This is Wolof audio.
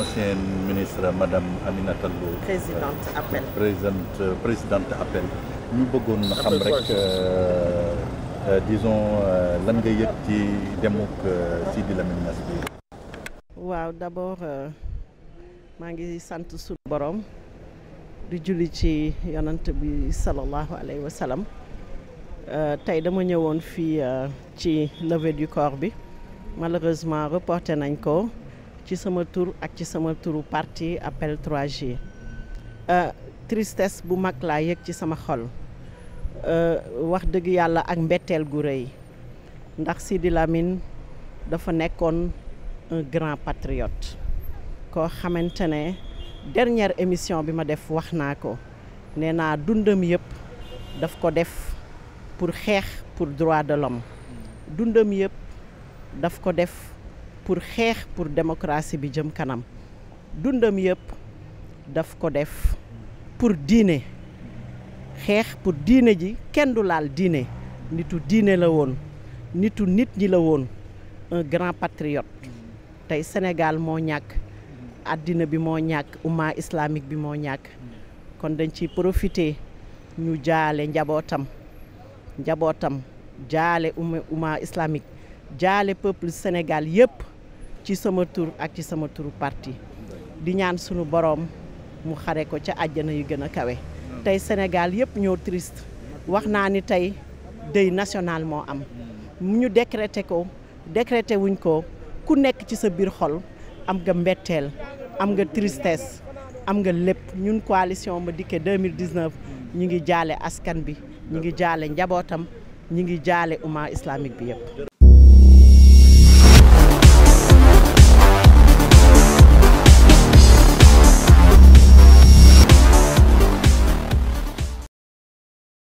ancienne ministre Madame Amina Lo présidente appel présidente euh, présidente appel Nous bëggoon na xam rek euh, euh, disons lan nga yëg ci demuk Sidi Lamine Nasbi. bi waaw d'abord maa ngi sant suñu borom di julli ci yonant bi sallallahu alayhi wa sallam tey dama ñëwoon fii ci lever du corps bi malheureusement reporté nañ ko ci sama tour ak ci sama turu parti appel 3G euh, tristesse bu mag la yek ci sama xol euh, wax deug yalla ak mbettel gu reuy ndax Sidi Lamine dafa nekkone un grand patriote Ko xamantene dernière émission bi ma def wax naa ko nee dundam yëpp daf ko def pour xex pour droit de l'homme dundam yëpp daf ko def pour xeex pour démocratie bi jëm kanam dundam yëpp daf ko def pour diine xeex pour diine ji kenn du laal diine nitu diine la woon nitu nit ñi la woon un grand patriote tey Sénégal moo ñàkk àddina bi moo ñàkk umma islamique bi moo ñàkk kon dañ ciy profiter ñu jaale njabootam njabootam jaale umma islamique jaale peuple Sénégal yëpp ci sama tur ak ci sama turu parti di ñaan sunu boroom mu xare ko ca àjjana yi gën a kawe tey Sénégal yëpp ñoo triste wax naa ni tey deuil national moo am mu ñu décrété ko décrété wuñ ko ku nekk ci sa biir xol am nga mbetteel am nga tristesse am nga lépp ñun coalition ma dikke 2019 ñi ngi jaale askan bi ñu ngi jaale njabootam ñu ngi jaale umma islamique bi yëpp